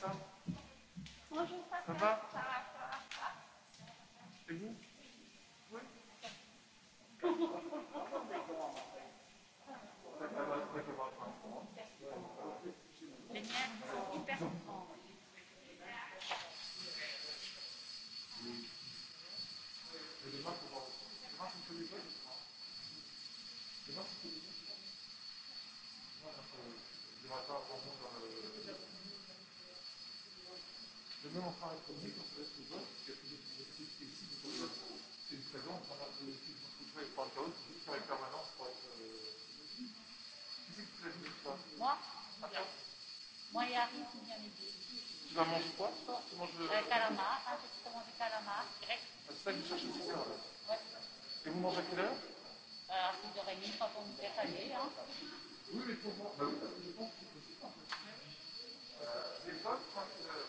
ça Bonjour, papa. Ça va Ça va, enfin être mieux pour ce qui vote, parce que ici, vous pouvez c'est une présence, on a des équipes qui se par le chaos, qui sont en permanence pour être. Qui c'est que tu as dit ça Moi Attends. Moi, il y a rien qui vient les deux. Tu vas manger quoi Tu manges le. Euh, calamar, hein, j'ai commandé calamar, grec. Ah, c'est ça que vous cherchez tout ça Ouais. Et vous mangez à quelle heure euh, À 6h30, quand on nous fait aller. Hein. Oui, mais pour moi, bah oui, parce que je pense que c'est possible en fait. Euh, les votes, 5 heures.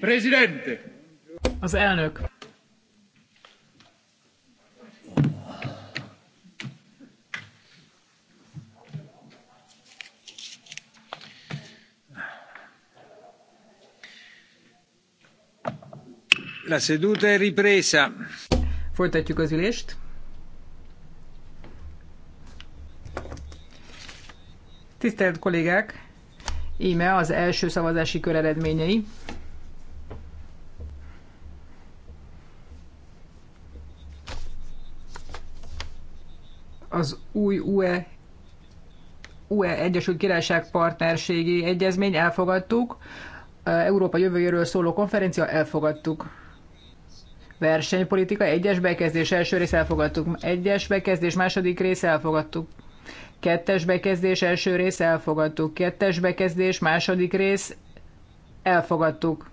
presidente. Az elnök. La seduta è ripresa. Folytatjuk az ülést. Tisztelt kollégák, íme az első szavazási kör eredményei. Egyesült Királyság partnerségi egyezmény, elfogadtuk. Európa jövőjéről szóló konferencia, elfogadtuk. Versenypolitika, egyes bekezdés, első rész elfogadtuk. Egyes bekezdés, második rész elfogadtuk. Kettes bekezdés, első rész elfogadtuk. Kettes bekezdés, második rész elfogadtuk.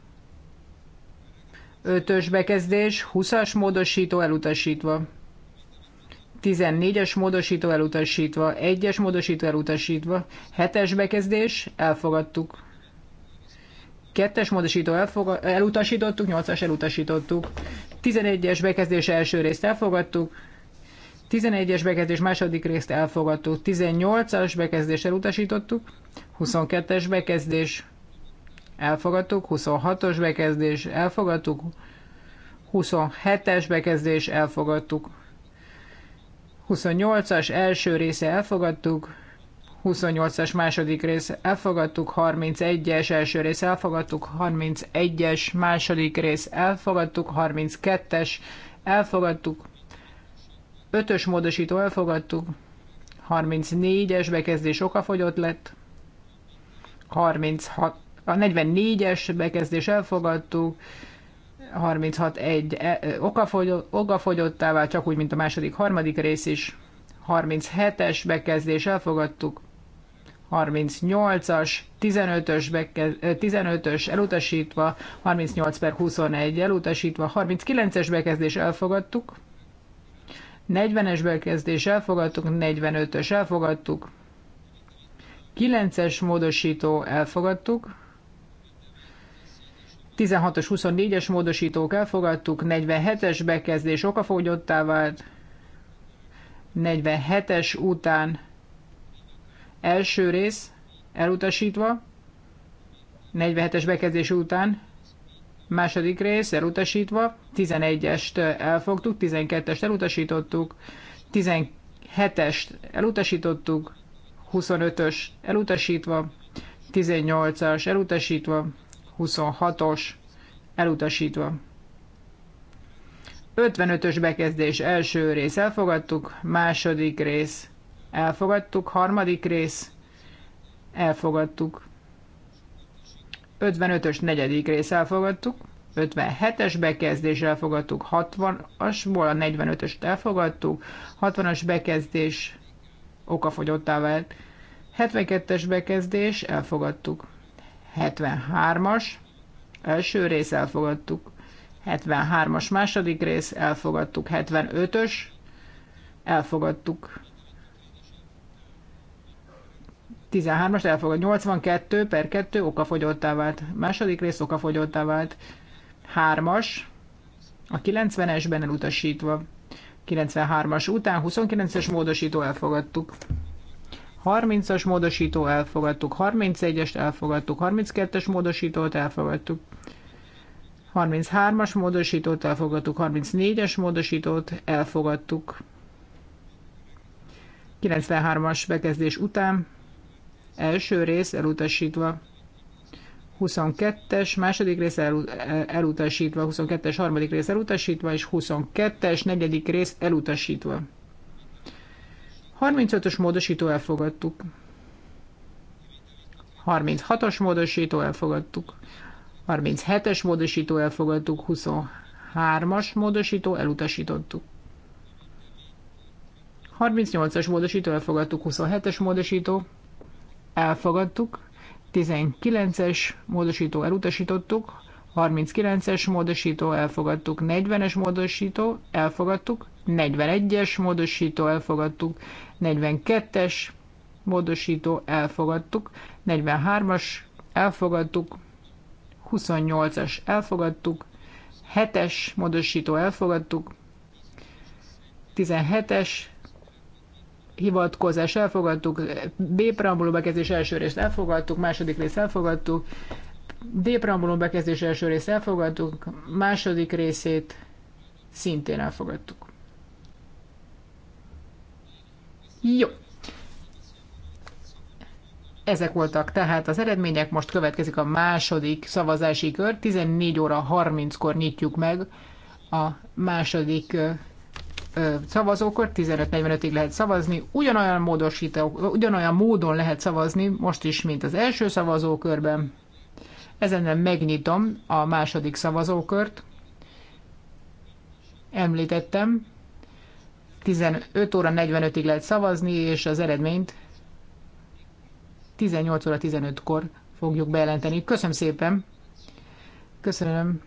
Ötös bekezdés, huszas módosító elutasítva. 14-es módosító elutasítva, 1-es módosító elutasítva, 7-es bekezdés, elfogadtuk. 2-es módosító elfogad, elutasítottuk, 8-as elutasítottuk. 11-es bekezdés első részt elfogadtuk, 11-es bekezdés második részt elfogadtuk, 18-as bekezdés elutasítottuk, 22-es bekezdés elfogadtuk, 26-os bekezdés elfogadtuk, 27-es bekezdés elfogadtuk. 28-as első része elfogadtuk, 28-as második rész elfogadtuk, 31-es első rész elfogadtuk, 31-es második rész elfogadtuk, 32-es elfogadtuk, 5-ös módosító elfogadtuk, 34-es bekezdés okafogyott lett, 36, a 44-es bekezdés elfogadtuk, 36 egy e, okafogyottá csak úgy, mint a második, harmadik rész is. 37-es bekezdés elfogadtuk. 38-as, 15-ös, bekez, 15-ös elutasítva, 38 per 21 elutasítva, 39-es bekezdés elfogadtuk, 40-es bekezdés elfogadtuk, 45-ös elfogadtuk, 9-es módosító elfogadtuk, 16-os, 24-es módosítók elfogadtuk, 47-es bekezdés okafogyottá vált, 47-es után első rész elutasítva, 47-es bekezdés után második rész elutasítva, 11-est elfogtuk, 12-est elutasítottuk, 17-est elutasítottuk, 25-ös elutasítva, 18-as elutasítva, 26-os elutasítva. 55-ös bekezdés első rész elfogadtuk, második rész elfogadtuk, harmadik rész elfogadtuk. 55-ös negyedik rész elfogadtuk, 57-es bekezdés elfogadtuk, 60-asból a 45-öst elfogadtuk, 60-as bekezdés okafogyottá vált, 72-es bekezdés elfogadtuk. 73-as első rész elfogadtuk, 73-as második rész elfogadtuk, 75-ös elfogadtuk. 13-as elfogad, 82 per 2 okafogyottá vált, második rész okafogyottá vált, 3-as, a 90-esben elutasítva. 93-as után 29-es módosító elfogadtuk. 30-as módosító elfogadtuk, 31-est elfogadtuk, 32-es módosítót elfogadtuk, 33-as módosítót elfogadtuk, 34-es módosítót elfogadtuk. 93-as bekezdés után első rész elutasítva. 22-es, második rész elutasítva, 22-es, harmadik rész elutasítva, és 22-es, negyedik rész elutasítva. 35-ös módosító elfogadtuk. 36-os módosító elfogadtuk. 37-es módosító elfogadtuk. 23-as módosító elutasítottuk. 38-as módosító elfogadtuk. 27-es módosító elfogadtuk. 19-es módosító elutasítottuk. 39-es módosító elfogadtuk. 40-es módosító elfogadtuk. 41-es módosító elfogadtuk, 42-es módosító elfogadtuk, 43-as elfogadtuk, 28-as elfogadtuk, 7-es módosító elfogadtuk, 17-es hivatkozás elfogadtuk, B preambuló bekezdés első részt elfogadtuk, második részt elfogadtuk, D preambuló bekezdés első részt elfogadtuk, második részét szintén elfogadtuk. Jó. Ezek voltak tehát az eredmények, most következik a második szavazási kör. 14 óra 30-kor nyitjuk meg a második szavazókor, 15.45-ig lehet szavazni, ugyanolyan, módosító, ugyanolyan módon lehet szavazni most is, mint az első szavazókörben. Ezen megnyitom a második szavazókört. Említettem, 15 óra 45-ig lehet szavazni, és az eredményt 18 óra 15-kor fogjuk bejelenteni. Köszönöm szépen! Köszönöm!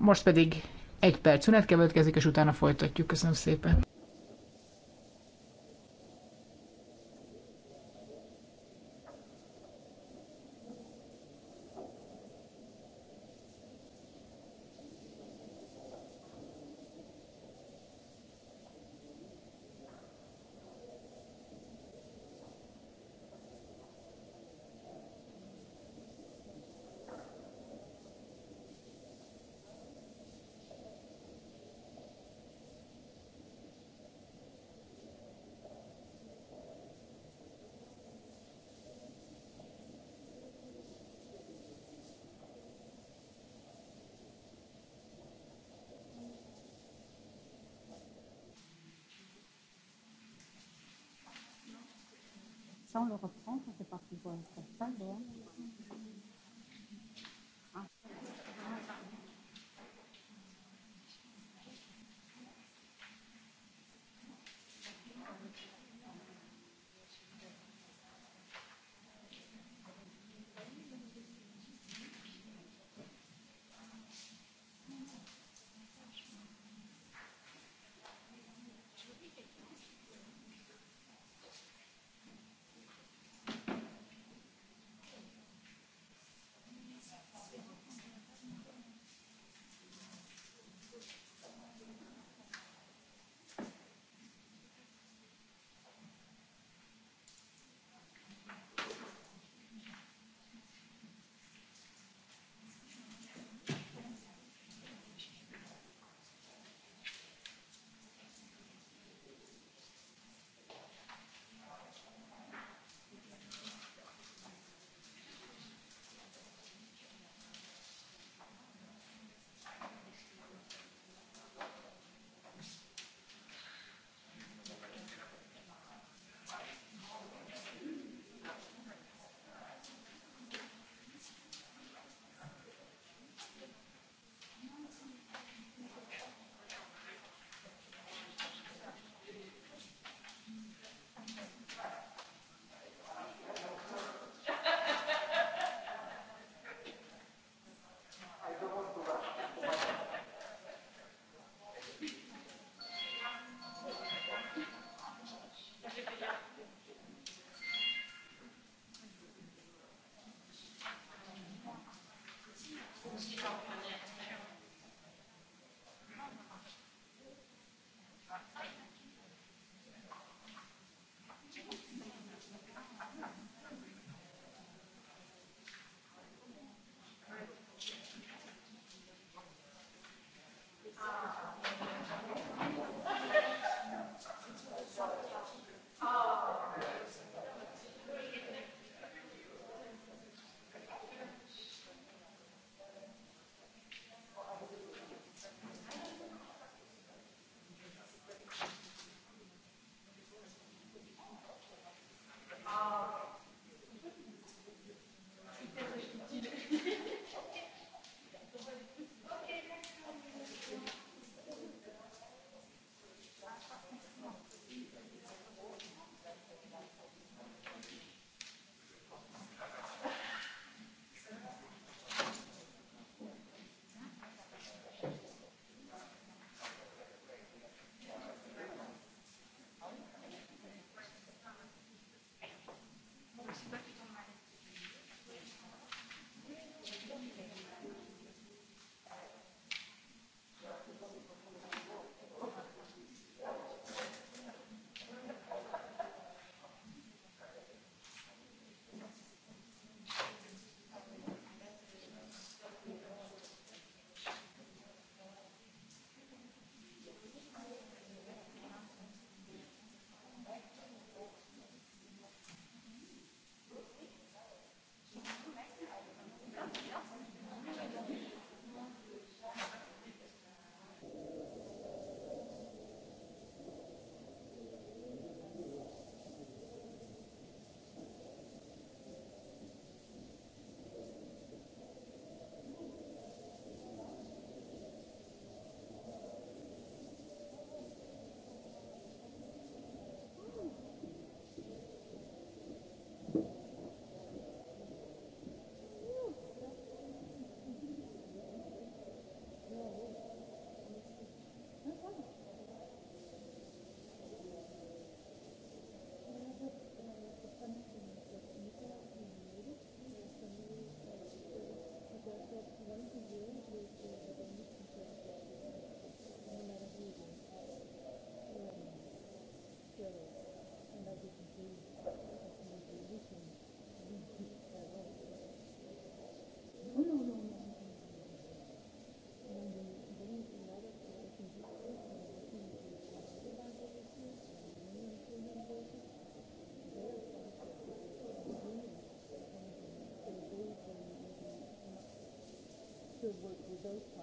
Most pedig egy perc szünet következik, és utána folytatjuk. Köszönöm szépen! sans le refrain, ça fait partie de salle. volt tudod.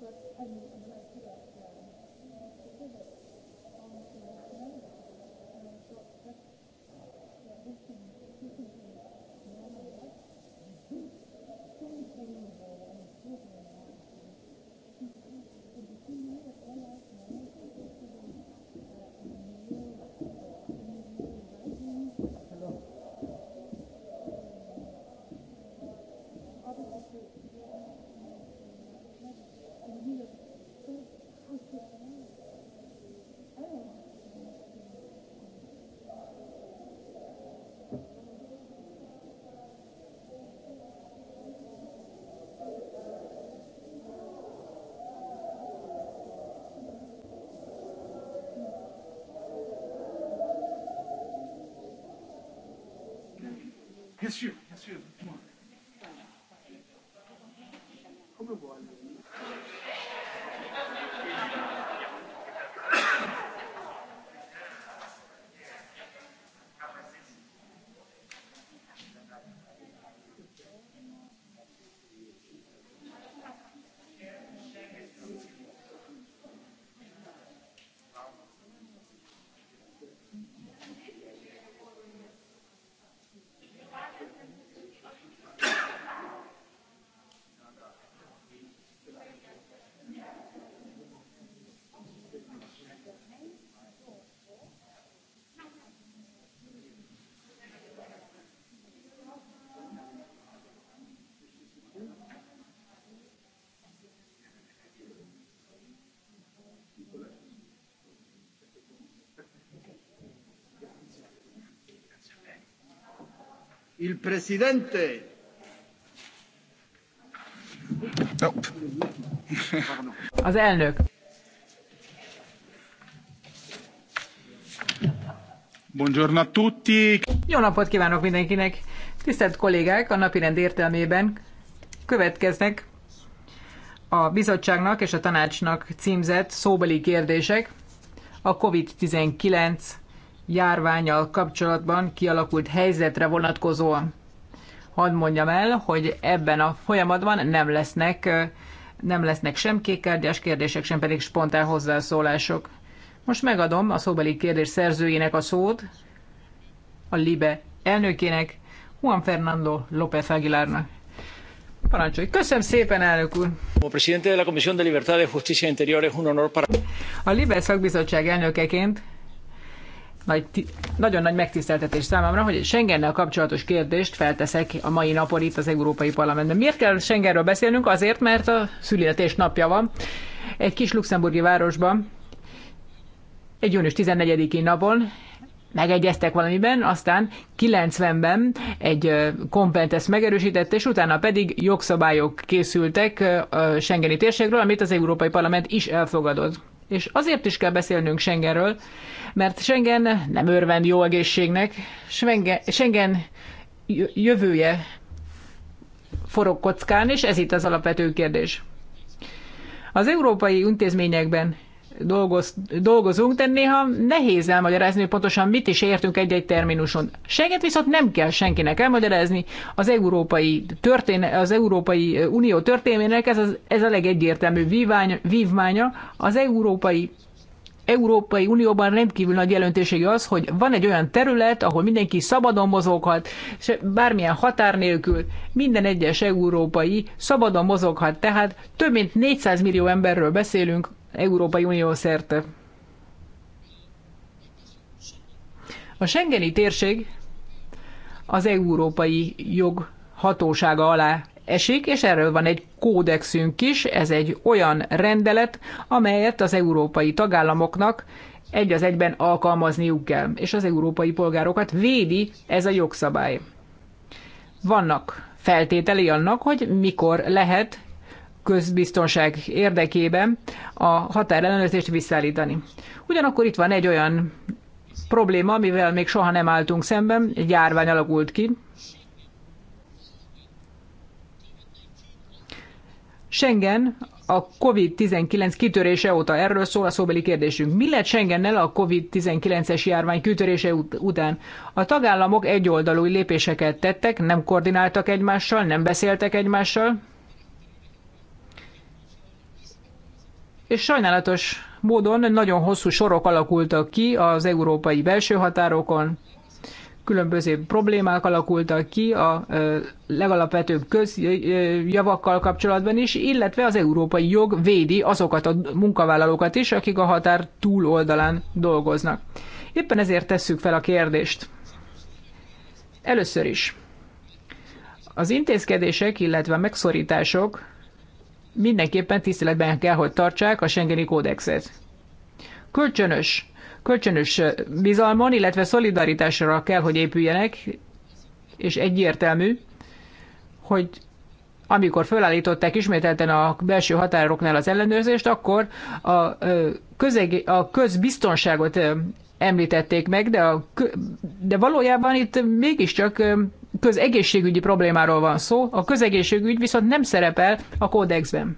But I mean, I'm not sure. His shoe, his shoe. Il presidente. Az elnök. Buongiorno a tutti. Jó napot kívánok mindenkinek. Tisztelt kollégák, a rend értelmében következnek a bizottságnak és a tanácsnak címzett szóbeli kérdések a COVID-19 járványal kapcsolatban kialakult helyzetre vonatkozóan. Hadd mondjam el, hogy ebben a folyamatban nem lesznek, nem lesznek sem kékkárgyás kérdések, sem pedig spontán hozzászólások. Most megadom a szóbeli kérdés szerzőjének a szót, a LIBE elnökének, Juan Fernando López Aguilarnak. Parancsolj. Köszönöm szépen, elnök úr! A Libe szakbizottság elnökeként nagy, nagyon nagy megtiszteltetés számomra, hogy Schengennel kapcsolatos kérdést felteszek a mai napon itt az Európai Parlamentben. Miért kell Schengenről beszélnünk? Azért, mert a születés napja van. Egy kis luxemburgi városban, egy június 14-i napon megegyeztek valamiben, aztán 90-ben egy kompent ezt megerősített, és utána pedig jogszabályok készültek a Schengeni térségről, amit az Európai Parlament is elfogadott. És azért is kell beszélnünk Schengenről, mert Schengen nem örvend jó egészségnek, Schengen, Schengen jövője forog kockán, és ez itt az alapvető kérdés. Az európai intézményekben dolgoz, dolgozunk, de néha nehéz elmagyarázni, hogy pontosan mit is értünk egy-egy terminuson. Schengen viszont nem kell senkinek elmagyarázni. Az Európai, történe, az Európai Unió történének ez, az, ez a legegyértelmű vívány, vívmánya. Az Európai Európai Unióban rendkívül nagy jelentőségű az, hogy van egy olyan terület, ahol mindenki szabadon mozoghat, és bármilyen határ nélkül minden egyes európai szabadon mozoghat, tehát több mint 400 millió emberről beszélünk Európai Unió szerte. A Schengeni térség az európai jog hatósága alá esik, és erről van egy kódexünk is, ez egy olyan rendelet, amelyet az európai tagállamoknak egy az egyben alkalmazniuk kell, és az európai polgárokat védi ez a jogszabály. Vannak feltételei annak, hogy mikor lehet közbiztonság érdekében a határellenőrzést visszaállítani. Ugyanakkor itt van egy olyan probléma, amivel még soha nem álltunk szemben, egy járvány alakult ki, Schengen a COVID-19 kitörése óta. Erről szól a szóbeli kérdésünk. Mi lett Schengennel a COVID-19-es járvány kitörése ut- után? A tagállamok egyoldalú lépéseket tettek, nem koordináltak egymással, nem beszéltek egymással. És sajnálatos módon nagyon hosszú sorok alakultak ki az európai belső határokon, különböző problémák alakultak ki a legalapvetőbb közjavakkal kapcsolatban is, illetve az európai jog védi azokat a munkavállalókat is, akik a határ túloldalán dolgoznak. Éppen ezért tesszük fel a kérdést. Először is. Az intézkedések, illetve a megszorítások mindenképpen tiszteletben kell, hogy tartsák a Schengeni kódexet. Kölcsönös Kölcsönös bizalmon, illetve szolidaritásra kell, hogy épüljenek, és egyértelmű, hogy amikor felállították ismételten a belső határoknál az ellenőrzést, akkor a, közeg, a közbiztonságot említették meg, de, a, de valójában itt mégiscsak közegészségügyi problémáról van szó, a közegészségügy viszont nem szerepel a kódexben.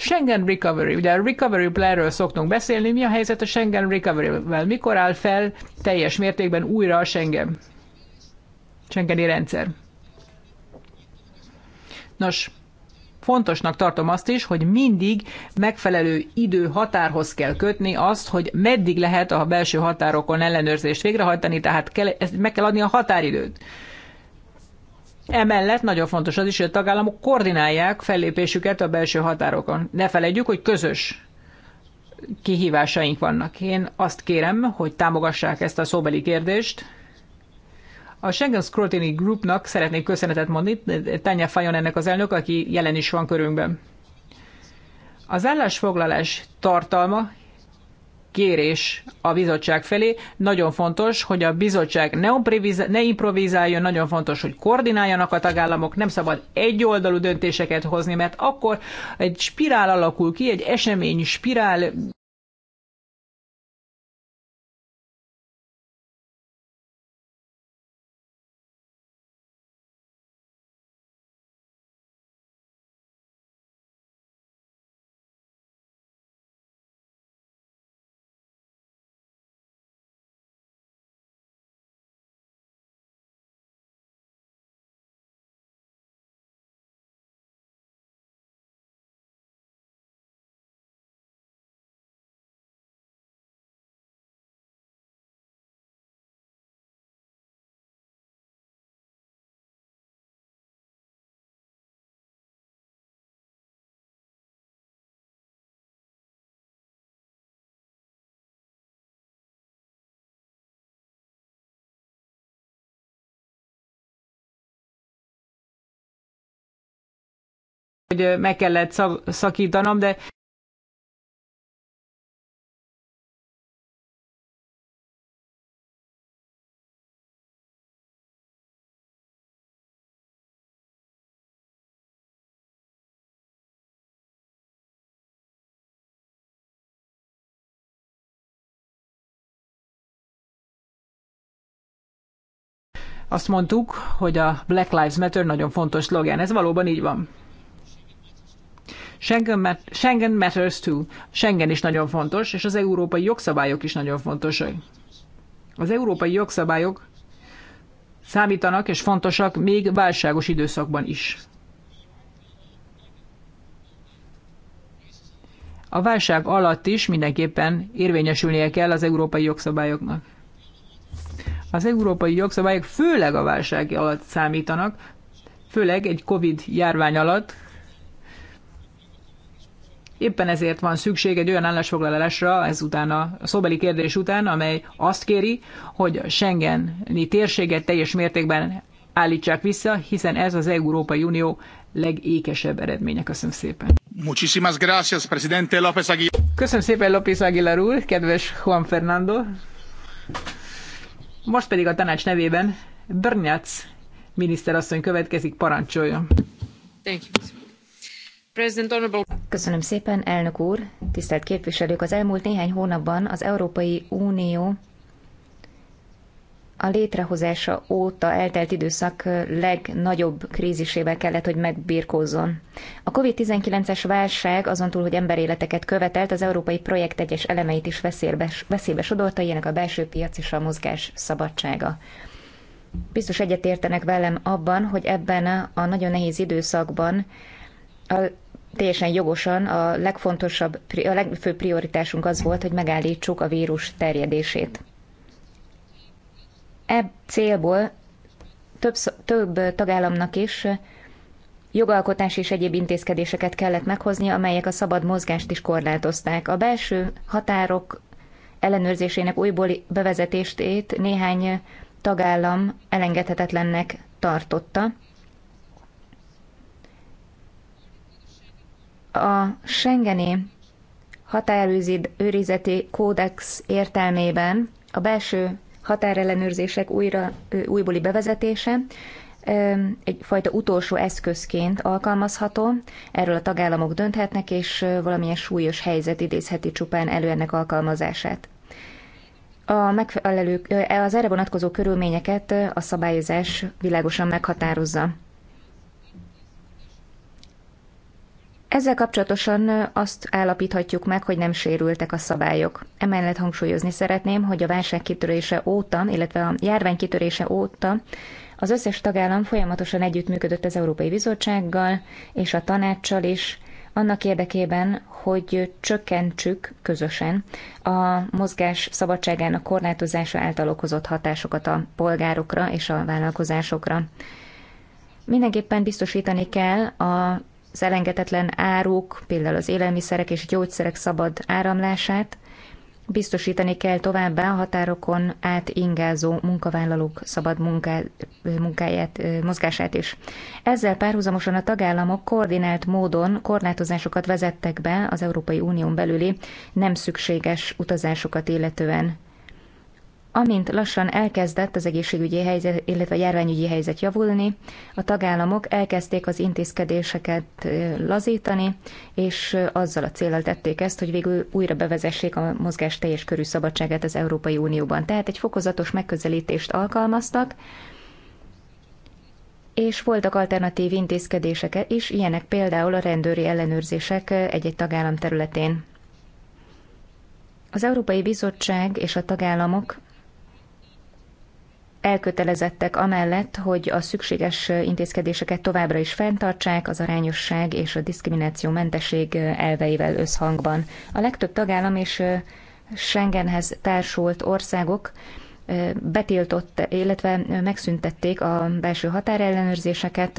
Schengen Recovery, ugye a Recovery Plan-ről szoktunk beszélni, mi a helyzet a Schengen Recovery-vel? Mikor áll fel teljes mértékben újra a Schengen? Schengeni rendszer. Nos, fontosnak tartom azt is, hogy mindig megfelelő idő határhoz kell kötni azt, hogy meddig lehet a belső határokon ellenőrzést végrehajtani, tehát kell, ezt meg kell adni a határidőt. Emellett nagyon fontos az is, hogy a tagállamok koordinálják fellépésüket a belső határokon. Ne felejtjük, hogy közös kihívásaink vannak. Én azt kérem, hogy támogassák ezt a szóbeli kérdést. A Schengen Scrutiny Groupnak szeretnék köszönetet mondni, Tanya Fajon ennek az elnök, aki jelen is van körünkben. Az állásfoglalás tartalma kérés a bizottság felé. Nagyon fontos, hogy a bizottság ne, ne improvizáljon, nagyon fontos, hogy koordináljanak a tagállamok, nem szabad egyoldalú döntéseket hozni, mert akkor egy spirál alakul ki, egy esemény spirál hogy meg kellett szakítanom, de azt mondtuk, hogy a Black Lives Matter nagyon fontos slogan. Ez valóban így van. Schengen, Schengen matters too. Schengen is nagyon fontos, és az európai jogszabályok is nagyon fontosak. Az európai jogszabályok számítanak és fontosak még válságos időszakban is. A válság alatt is mindenképpen érvényesülnie kell az európai jogszabályoknak. Az európai jogszabályok főleg a válság alatt számítanak, főleg egy COVID járvány alatt, Éppen ezért van szükség egy olyan állásfoglalásra ezután a szóbeli kérdés után, amely azt kéri, hogy a Schengeni térséget teljes mértékben állítsák vissza, hiszen ez az Európai Unió legékesebb eredménye. Köszönöm szépen. Muchísimas gracias, presidente López Aguilar. Köszönöm szépen, López Aguilar úr, kedves Juan Fernando. Most pedig a tanács nevében Brnyac miniszterasszony következik, parancsoljon. Thank you. Köszönöm szépen, elnök úr, tisztelt képviselők! Az elmúlt néhány hónapban az Európai Unió a létrehozása óta eltelt időszak legnagyobb krízisével kellett, hogy megbirkózzon. A COVID-19-es válság azon túl, hogy emberéleteket követelt, az európai projekt egyes elemeit is veszélybe, veszélybe sodorta, ilyenek a belső piac és a mozgás szabadsága. Biztos egyetértenek velem abban, hogy ebben a nagyon nehéz időszakban a Teljesen jogosan a legfontosabb, a legfőbb prioritásunk az volt, hogy megállítsuk a vírus terjedését. Ebb célból több, több tagállamnak is jogalkotás és egyéb intézkedéseket kellett meghozni, amelyek a szabad mozgást is korlátozták. A belső határok ellenőrzésének újból bevezetését néhány tagállam elengedhetetlennek tartotta, A Schengeni határőrizeti kódex értelmében a belső határellenőrzések újra, újbóli bevezetése egyfajta utolsó eszközként alkalmazható, erről a tagállamok dönthetnek, és valamilyen súlyos helyzet idézheti csupán elő ennek alkalmazását. A megfelelő, az erre vonatkozó körülményeket a szabályozás világosan meghatározza. Ezzel kapcsolatosan azt állapíthatjuk meg, hogy nem sérültek a szabályok. Emellett hangsúlyozni szeretném, hogy a válság kitörése óta, illetve a járvány kitörése óta az összes tagállam folyamatosan együttműködött az Európai Bizottsággal és a tanácssal is, annak érdekében, hogy csökkentsük közösen a mozgás szabadságának korlátozása által okozott hatásokat a polgárokra és a vállalkozásokra. Mindenképpen biztosítani kell a az elengedetlen áruk, például az élelmiszerek és gyógyszerek szabad áramlását, biztosítani kell továbbá a határokon át ingázó munkavállalók szabad munká, munkáját, mozgását is. Ezzel párhuzamosan a tagállamok koordinált módon korlátozásokat vezettek be az Európai Unión belüli nem szükséges utazásokat illetően. Amint lassan elkezdett az egészségügyi helyzet, illetve a járványügyi helyzet javulni, a tagállamok elkezdték az intézkedéseket lazítani, és azzal a célral tették ezt, hogy végül újra bevezessék a mozgás teljes körű szabadságát az Európai Unióban. Tehát egy fokozatos megközelítést alkalmaztak, és voltak alternatív intézkedések is, ilyenek például a rendőri ellenőrzések egy-egy tagállam területén. Az Európai Bizottság és a tagállamok elkötelezettek amellett, hogy a szükséges intézkedéseket továbbra is fenntartsák az arányosság és a diszkrimináció mentesség eh, elveivel összhangban. A legtöbb tagállam és eh, Schengenhez társult országok eh, betiltott, illetve megszüntették a belső határellenőrzéseket,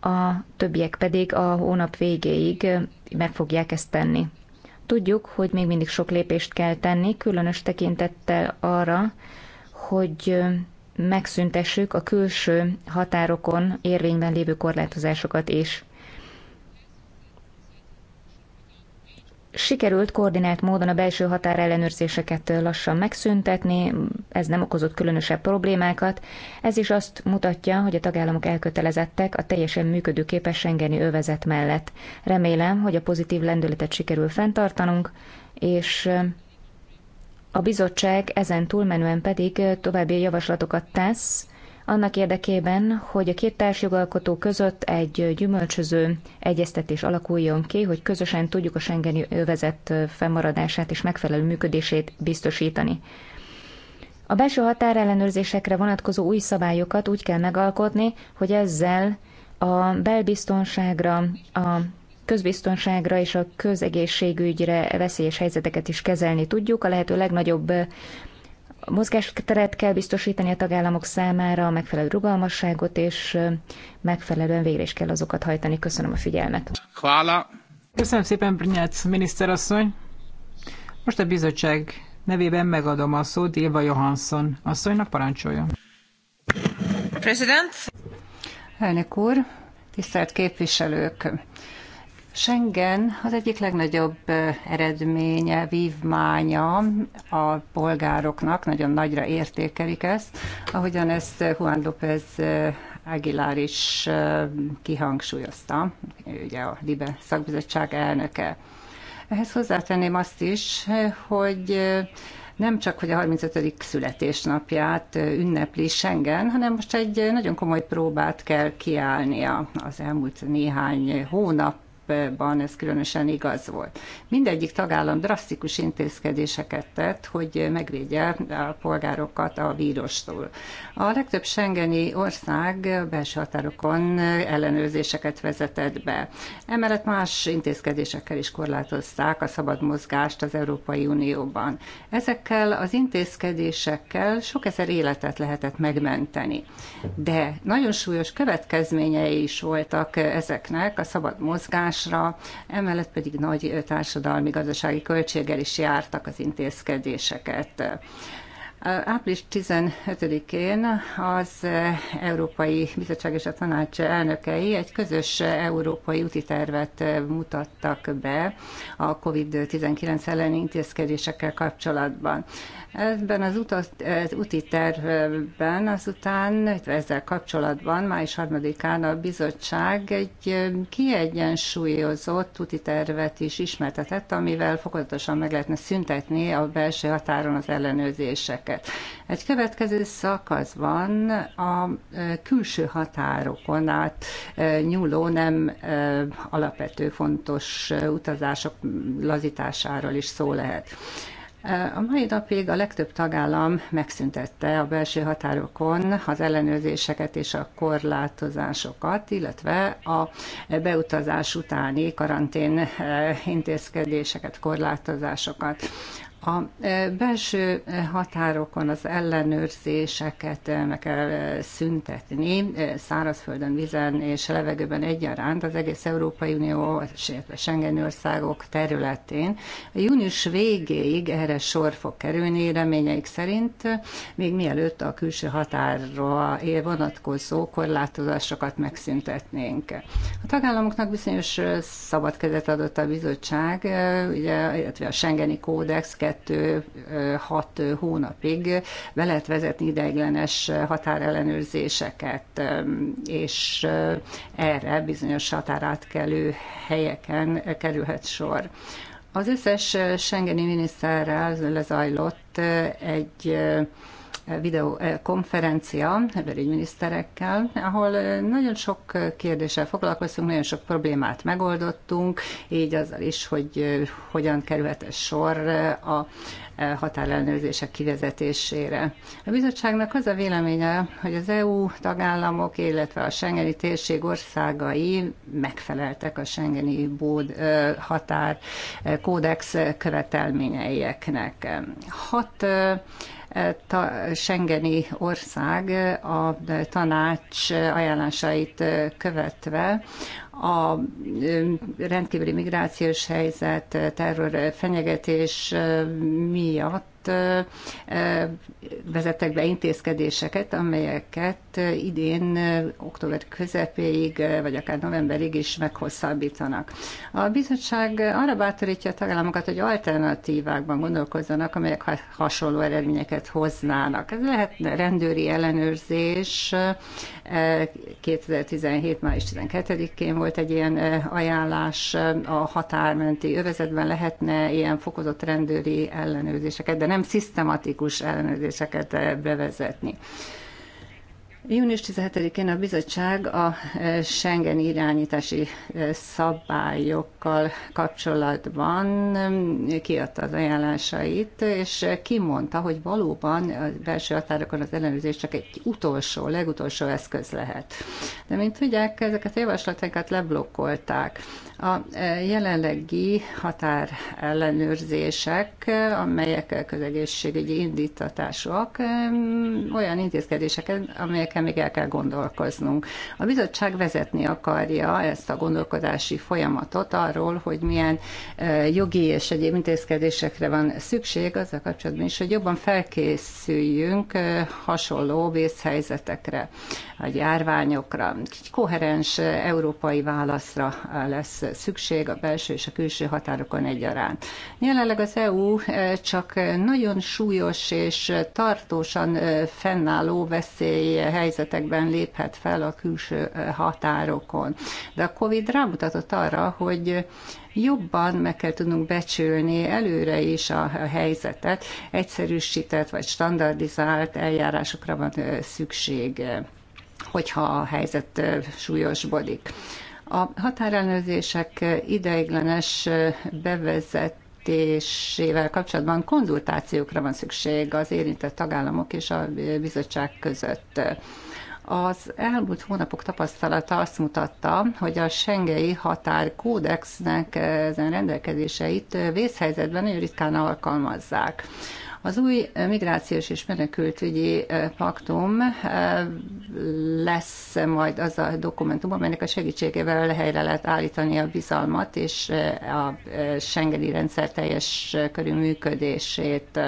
a többiek pedig a hónap végéig meg fogják ezt tenni. Tudjuk, hogy még mindig sok lépést kell tenni, különös tekintettel arra, hogy megszüntessük a külső határokon érvényben lévő korlátozásokat is. Sikerült koordinált módon a belső határellenőrzéseket lassan megszüntetni, ez nem okozott különösebb problémákat. Ez is azt mutatja, hogy a tagállamok elkötelezettek a teljesen képes Schengeni övezet mellett. Remélem, hogy a pozitív lendületet sikerül fenntartanunk, és a bizottság ezen túlmenően pedig további javaslatokat tesz, annak érdekében, hogy a két társjogalkotó között egy gyümölcsöző egyeztetés alakuljon ki, hogy közösen tudjuk a Schengeni övezet fennmaradását és megfelelő működését biztosítani. A belső határellenőrzésekre vonatkozó új szabályokat úgy kell megalkotni, hogy ezzel a belbiztonságra, a közbiztonságra és a közegészségügyre veszélyes helyzeteket is kezelni tudjuk. A lehető legnagyobb eh, mozgásteret kell biztosítani a tagállamok számára, a megfelelő rugalmasságot, és eh, megfelelően végre is kell azokat hajtani. Köszönöm a figyelmet. Hála. Köszönöm szépen, Brnyác miniszterasszony. Most a bizottság nevében megadom a szót Ilva Johansson. Asszonynak parancsoljon. President. Elnök úr, tisztelt képviselők! Schengen az egyik legnagyobb eredménye, vívmánya a polgároknak, nagyon nagyra értékelik ezt, ahogyan ezt Juan López Aguilar is kihangsúlyozta, ugye a Libe szakbizottság elnöke. Ehhez hozzátenném azt is, hogy nem csak, hogy a 35. születésnapját ünnepli Schengen, hanem most egy nagyon komoly próbát kell kiállnia az elmúlt néhány hónap hónapban ez különösen igaz volt. Mindegyik tagállam drasztikus intézkedéseket tett, hogy megvédje a polgárokat a vírustól. A legtöbb Schengeni ország belső határokon ellenőrzéseket vezetett be. Emellett más intézkedésekkel is korlátozták a szabad mozgást az Európai Unióban. Ezekkel az intézkedésekkel sok ezer életet lehetett megmenteni. De nagyon súlyos következményei is voltak ezeknek a szabad mozgás hatásra, emellett pedig nagy társadalmi gazdasági költséggel is jártak az intézkedéseket. Április 15-én az Európai Bizottság és a Tanács elnökei egy közös európai úti tervet mutattak be a COVID-19 elleni intézkedésekkel kapcsolatban. Ebben az, utat, az úti tervben azután, ezzel kapcsolatban május 3-án a bizottság egy kiegyensúlyozott úti tervet is ismertetett, amivel fokozatosan meg lehetne szüntetni a belső határon az ellenőrzéseket. Egy következő szakasz van a külső határokon át nyúló nem alapvető fontos utazások lazításáról is szó lehet. A mai napig a legtöbb tagállam megszüntette a belső határokon az ellenőrzéseket és a korlátozásokat, illetve a beutazás utáni karantén eh, intézkedéseket, korlátozásokat. A e, belső határokon az ellenőrzéseket e, meg kell e, szüntetni, szárazföldön, vizen és levegőben egyaránt az egész Európai Unió, illetve Schengen országok területén. A június végéig erre sor fog kerülni, reményeik szerint, még mielőtt a külső határra vonatkozó korlátozásokat megszüntetnénk. A tagállamoknak bizonyos szabad kezet adott a bizottság, ugye, illetve a Schengeni Kódex 2-6 hónapig be lehet vezetni ideiglenes határellenőrzéseket, és erre bizonyos határátkelő helyeken kerülhet sor. Az összes Schengeni miniszterrel lezajlott egy videokonferencia miniszterekkel, ahol nagyon sok kérdéssel foglalkoztunk, nagyon sok problémát megoldottunk, így azzal is, hogy hogyan kerülhet -e sor a határellenőrzések kivezetésére. A bizottságnak az a véleménye, hogy az EU tagállamok, illetve a Schengeni térség országai megfeleltek a Schengeni bód határ kódex követelményeieknek. Hat Schengeni ország a tanács ajánlásait követve a rendkívüli migrációs helyzet, terror fenyegetés miatt vezetek be intézkedéseket, amelyeket idén október közepéig, vagy akár novemberig is meghosszabbítanak. A bizottság arra bátorítja a tagállamokat, hogy alternatívákban gondolkozzanak, amelyek hasonló eredményeket hoznának. Ez lehet rendőri ellenőrzés, 2017. május 12-én volt egy ilyen ajánlás, a határmenti övezetben lehetne ilyen fokozott rendőri ellenőrzéseket, de nem nem szisztematikus ellenőrzéseket eh, bevezetni. Június 17-én a bizottság a eh, Schengen irányítási eh, szabályokkal kapcsolatban kiadta az ajánlásait, és kimondta, hogy valóban a belső határokon az ellenőrzés csak egy utolsó, legutolsó eszköz lehet. De mint tudják, ezeket a javaslatokat leblokkolták. A e, jelenlegi határellenőrzések, amelyek közegészségügyi indítatások, e, olyan intézkedések, amelyeken még el kell gondolkoznunk. A bizottság vezetni akarja ezt a gondolkodási folyamatot arról, hogy milyen e, jogi és egyéb intézkedésekre van szükség azzal kapcsolatban is, hogy jobban felkészüljünk hasonló vészhelyzetekre, vagy járványokra. Egy koherens európai válaszra lesz szükség a belső és a külső határokon egyaránt. Jelenleg az EU e, csak nagyon súlyos és tartósan e, fennálló veszély helyzetekben léphet fel a külső e, határokon. De a Covid rámutatott arra, hogy jobban meg kell tudnunk becsülni előre is a helyzetet, egyszerűsített vagy standardizált eljárásokra van szükség hogyha a helyzet súlyosbodik. A határellenőrzések ideiglenes bevezet kapcsolatban konzultációkra van szükség az érintett tagállamok és a bizottság között. Az elmúlt hónapok tapasztalata azt mutatta, hogy a Schengei határkódexnek ezen rendelkezéseit vészhelyzetben nagyon ritkán alkalmazzák. Az új eh, migrációs és menekültügyi eh, paktum eh, lesz majd az a dokumentum, amelynek a segítségével helyre lehet állítani a bizalmat és a Schengeni rendszer teljes körű működését.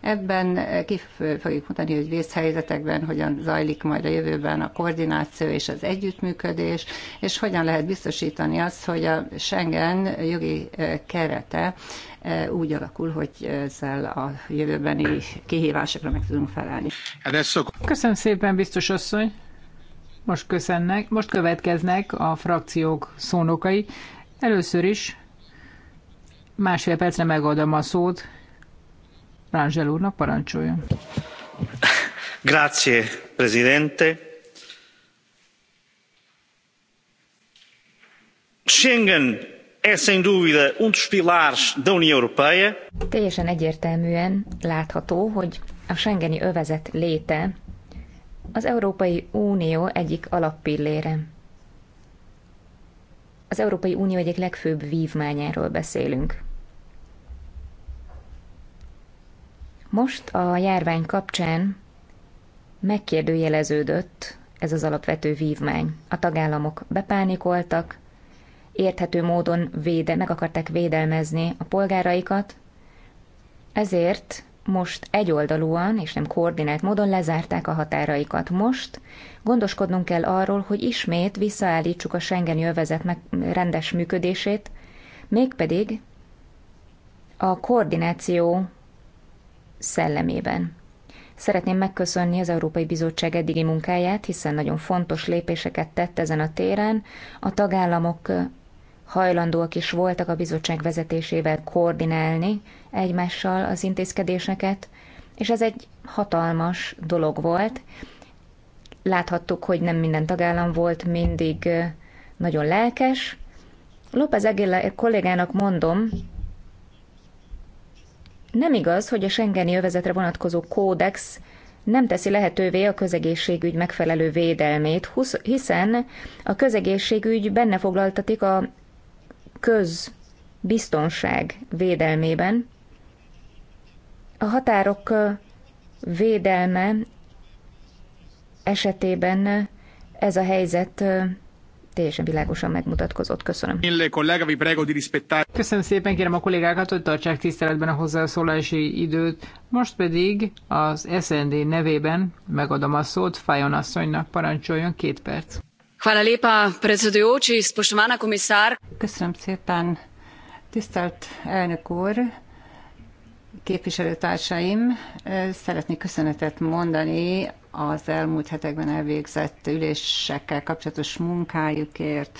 Ebben ki fogjuk mutatni, hogy vészhelyzetekben hogyan zajlik majd a jövőben a koordináció és az együttműködés, és hogyan lehet biztosítani azt, hogy a Schengen jogi kerete E, úgy alakul, hogy ezzel a jövőbeni kihívásokra meg tudunk felelni. Hát Köszönöm szépen, biztos asszony! Most, köszönnek, most következnek a frakciók szónokai. Először is másfél percre megadom a szót. Rangel úrnak parancsoljon. Grazie, Presidente. Schengen é sem dúvida um dos pilares da União Europeia. Teljesen egyértelműen látható, hogy a Schengeni övezet léte az Európai Unió egyik alappillére. Az Európai Unió egyik legfőbb vívmányáról beszélünk. Most a járvány kapcsán megkérdőjeleződött ez az alapvető vívmány. A tagállamok bepánikoltak, érthető módon véde, meg akarták védelmezni a polgáraikat, ezért most egyoldalúan és nem koordinált módon lezárták a határaikat. Most gondoskodnunk kell arról, hogy ismét visszaállítsuk a Schengen jövezet rendes működését, mégpedig a koordináció szellemében. Szeretném megköszönni az Európai Bizottság eddigi munkáját, hiszen nagyon fontos lépéseket tett ezen a téren. A tagállamok hajlandóak is voltak a bizottság vezetésével koordinálni egymással az intézkedéseket, és ez egy hatalmas dolog volt. Láthattuk, hogy nem minden tagállam volt mindig nagyon lelkes. López Aguilar kollégának mondom, nem igaz, hogy a Schengeni övezetre vonatkozó kódex nem teszi lehetővé a közegészségügy megfelelő védelmét, hiszen a közegészségügy benne foglaltatik a közbiztonság védelmében. A határok védelme esetében ez a helyzet teljesen világosan megmutatkozott. Köszönöm. Köszönöm szépen, kérem a kollégákat, hogy tartsák tiszteletben a hozzászólási időt. Most pedig az SND nevében megadom a szót Fajon asszonynak, parancsoljon két perc. Köszönöm szépen, tisztelt elnök úr, képviselőtársaim! Szeretnék köszönetet mondani az elmúlt hetekben elvégzett ülésekkel kapcsolatos munkájukért.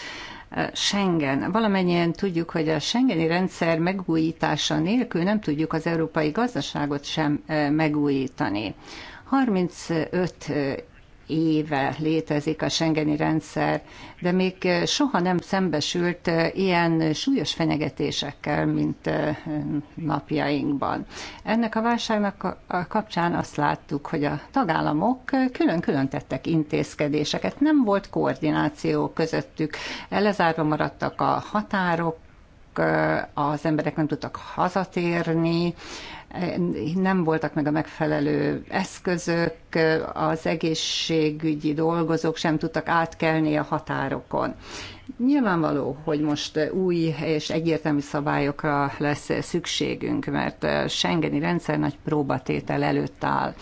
Schengen. Valamennyien tudjuk, hogy a Schengeni rendszer megújítása nélkül nem tudjuk az európai gazdaságot sem eh, megújítani. 35 éve létezik a Schengeni rendszer, de még soha nem szembesült eh, ilyen súlyos fenyegetésekkel, mint eh, napjainkban. Ennek a válságnak a kapcsán azt láttuk, hogy a tagállamok eh, külön-külön tettek intézkedéseket, nem volt koordináció közöttük, lezárva maradtak a határok, az emberek nem tudtak hazatérni, nem voltak meg a megfelelő eszközök, az egészségügyi dolgozók sem tudtak átkelni a határokon. Nyilvánvaló, hogy most új és egyértelmű szabályokra lesz szükségünk, mert Schengeni rendszer nagy próbatétel előtt áll.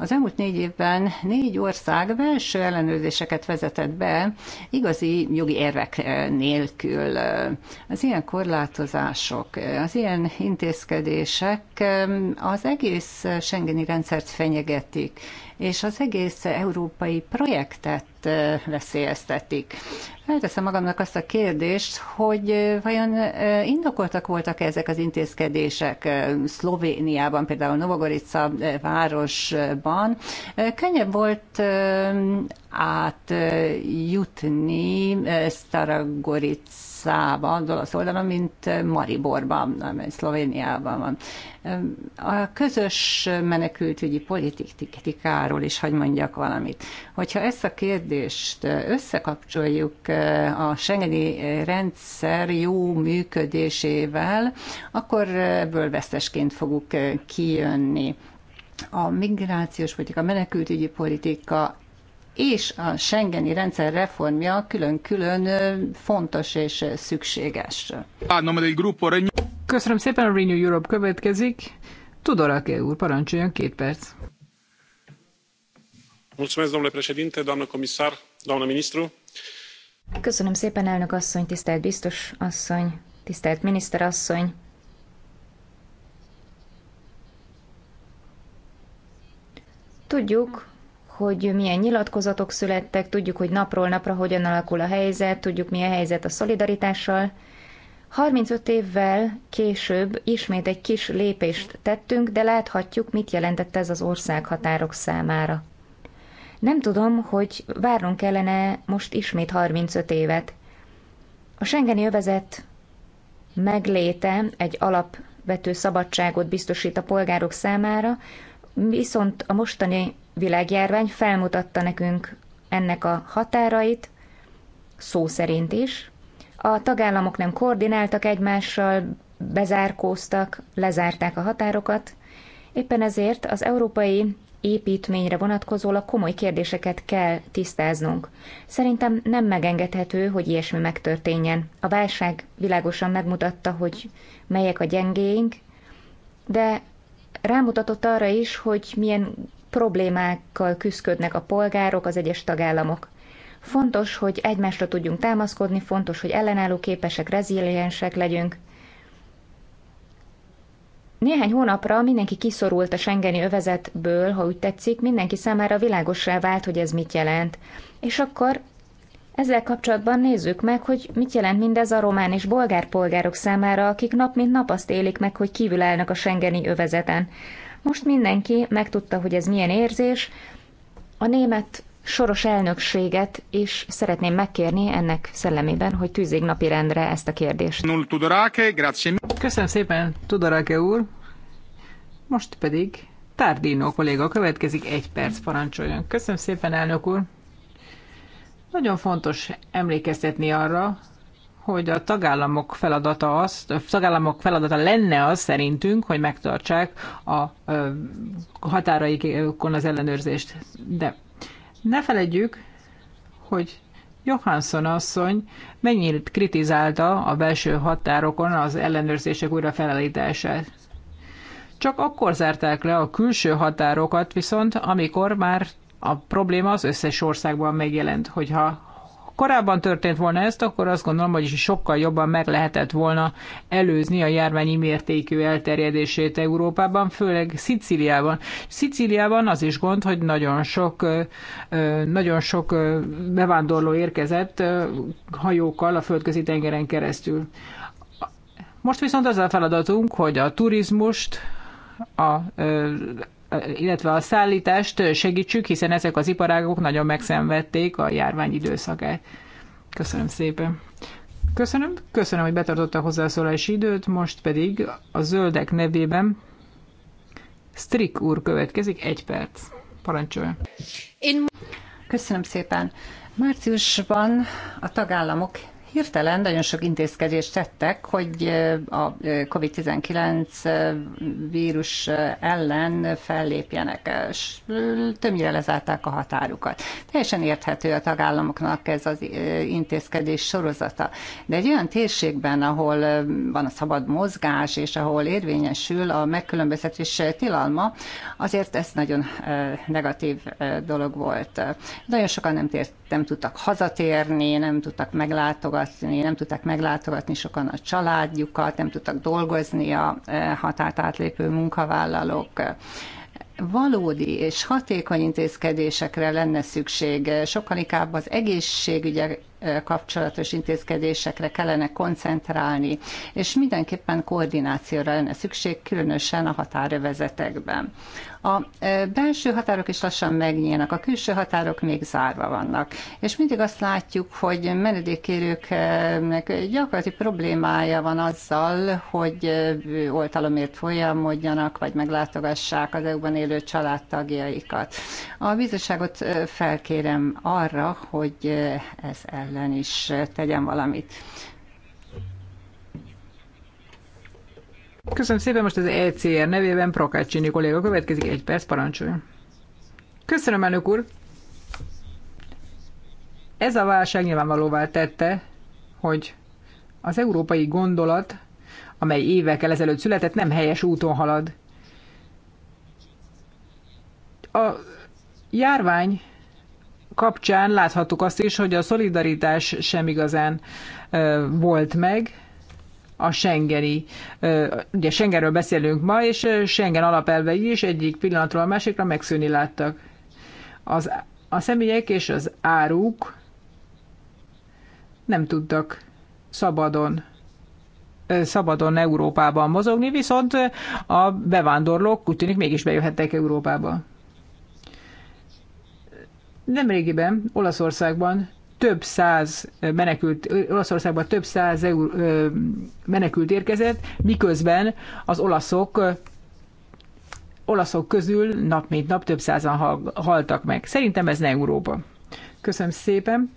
Az elmúlt négy évben négy ország belső ellenőrzéseket vezetett be, igazi jogi érvek eh, nélkül. Eh, az ilyen korlátozások, eh, az ilyen intézkedések az egész Schengeni rendszert fenyegetik, és az egész európai projektet veszélyeztetik. Felteszem magamnak azt a kérdést, hogy vajon indokoltak voltak -e ezek az intézkedések Szlovéniában, például Novogorica városban. Könnyebb volt átjutni Staragorica szába az olasz oldalon, mint Mariborban, nem Szlovéniában van. A közös menekültügyi politikáról is hagy mondjak valamit. Hogyha ezt a kérdést összekapcsoljuk eh, a Schengeni rendszer jó működésével, akkor ebből vesztesként fogunk eh, kijönni a migrációs politika, a menekültügyi politika és a Schengeni rendszer reformja külön-külön fontos és szükséges. Köszönöm szépen, a Renew Europe következik. Tudorake úr, parancsoljon két perc. Köszönöm szépen, elnök asszony, tisztelt biztos asszony, tisztelt miniszter asszony. Tudjuk, hogy milyen nyilatkozatok születtek, tudjuk, hogy napról napra hogyan alakul a helyzet, tudjuk, milyen helyzet a szolidaritással. 35 évvel később ismét egy kis lépést tettünk, de láthatjuk, mit jelentett ez az ország határok számára. Nem tudom, hogy várnunk kellene most ismét 35 évet. A Schengeni övezet megléte egy alapvető szabadságot biztosít a polgárok számára, Viszont a mostani világjárvány felmutatta nekünk ennek a határait, szó szerint is. A tagállamok nem koordináltak egymással, bezárkóztak, lezárták a határokat. Éppen ezért az európai építményre vonatkozólag komoly kérdéseket kell tisztáznunk. Szerintem nem megengedhető, hogy ilyesmi megtörténjen. A válság világosan megmutatta, hogy melyek a gyengéink, de rámutatott arra is, hogy milyen problémákkal küzdködnek a polgárok, az egyes tagállamok. Fontos, hogy egymásra tudjunk támaszkodni, fontos, hogy ellenálló képesek, reziliensek legyünk. Néhány hónapra mindenki kiszorult a Schengeni övezetből, ha úgy tetszik, mindenki számára világosá vált, hogy ez mit jelent. És akkor ezzel kapcsolatban nézzük meg, hogy mit jelent mindez a román és bolgár polgárok számára, akik nap mint nap azt élik meg, hogy kívül állnak a Schengeni övezeten. Most mindenki megtudta, hogy ez milyen érzés. A német soros elnökséget is szeretném megkérni ennek szellemében, hogy tűzzék napirendre ezt a kérdést. Köszönöm szépen, Tudorake úr! Most pedig Tárdino kolléga következik, egy perc parancsoljon. Köszönöm szépen, elnök úr! Nagyon fontos emlékeztetni arra, hogy a tagállamok feladata, az, a tagállamok feladata lenne az szerintünk, hogy megtartsák a, a határaikon az ellenőrzést. De ne feledjük, hogy Johansson asszony mennyit kritizálta a belső határokon az ellenőrzések újrafelállítását. Csak akkor zárták le a külső határokat, viszont amikor már a probléma az összes országban megjelent, hogyha korábban történt volna ezt, akkor azt gondolom, hogy sokkal jobban meg lehetett volna előzni a járványi mértékű elterjedését Európában, főleg Szicíliában. Szicíliában az is gond, hogy nagyon sok, nagyon sok bevándorló érkezett hajókkal a földközi tengeren keresztül. Most viszont az a feladatunk, hogy a turizmust, a illetve a szállítást segítsük, hiszen ezek az iparágok nagyon megszenvedték a járvány időszakát. Köszönöm szépen. Köszönöm, köszönöm, hogy betartotta a szólási időt, most pedig a zöldek nevében Strik úr következik, egy perc. Parancsolja. Köszönöm szépen. Márciusban a tagállamok hirtelen nagyon sok intézkedést tettek, hogy a COVID-19 vírus ellen fellépjenek, és többnyire lezárták a határukat. Teljesen érthető a tagállamoknak ez az intézkedés sorozata. De egy olyan térségben, ahol van a szabad mozgás, és ahol érvényesül a megkülönböztetés tilalma, azért ez nagyon negatív dolog volt. Nagyon sokan nem, tért, nem tudtak hazatérni, nem tudtak meglátogatni, látogatni, nem tudták meglátogatni sokan a családjukat, nem tudtak dolgozni a e, határt átlépő munkavállalók valódi és hatékony intézkedésekre lenne szükség, sokkal inkább az egészségügyek kapcsolatos intézkedésekre kellene koncentrálni, és mindenképpen koordinációra lenne szükség, különösen a határövezetekben. A e, belső határok is lassan megnyílnak, a külső határok még zárva vannak. És mindig azt látjuk, hogy menedékkérőknek gyakorlati problémája van azzal, hogy e, oltalomért folyamodjanak, vagy meglátogassák az EU-ban élő családtagjaikat. A bizottságot e, felkérem arra, hogy ez el ellen is tegyen valamit. Köszönöm szépen, most az ECR nevében Prokácsini kolléga következik, egy perc parancsolja. Köszönöm, elnök úr! Ez a válság nyilvánvalóvá tette, hogy az európai gondolat, amely évekkel ezelőtt született, nem helyes úton halad. A járvány kapcsán láthattuk azt is, hogy a szolidaritás sem igazán volt meg, a Schengeni, ugye Schengenről beszélünk ma, és Schengen alapelvei is egyik pillanatról a másikra megszűni láttak. Az, a személyek és az áruk nem tudtak szabadon szabadon Európában mozogni, viszont a bevándorlók úgy tűnik mégis bejöhettek Európába. Nemrégiben Olaszországban több száz menekült, Olaszországban több száz EU, menekült érkezett, miközben az olaszok olaszok közül nap mint nap több százan hal, haltak meg. Szerintem ez ne Európa. Köszönöm szépen.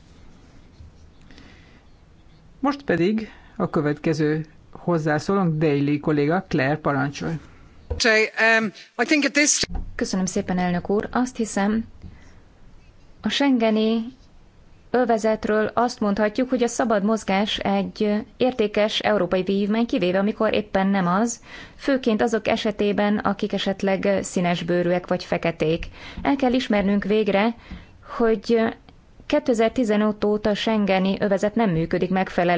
Most pedig a következő hozzászólónk Daily kolléga Claire parancsol. Um, Köszönöm szépen, elnök úr. Azt hiszem, a Schengeni övezetről azt mondhatjuk, hogy a szabad mozgás egy értékes európai vívmány, kivéve amikor éppen nem az, főként azok esetében, akik esetleg bőrűek vagy feketék. El kell ismernünk végre, hogy 2015 óta Schengeni övezet nem működik megfelelően.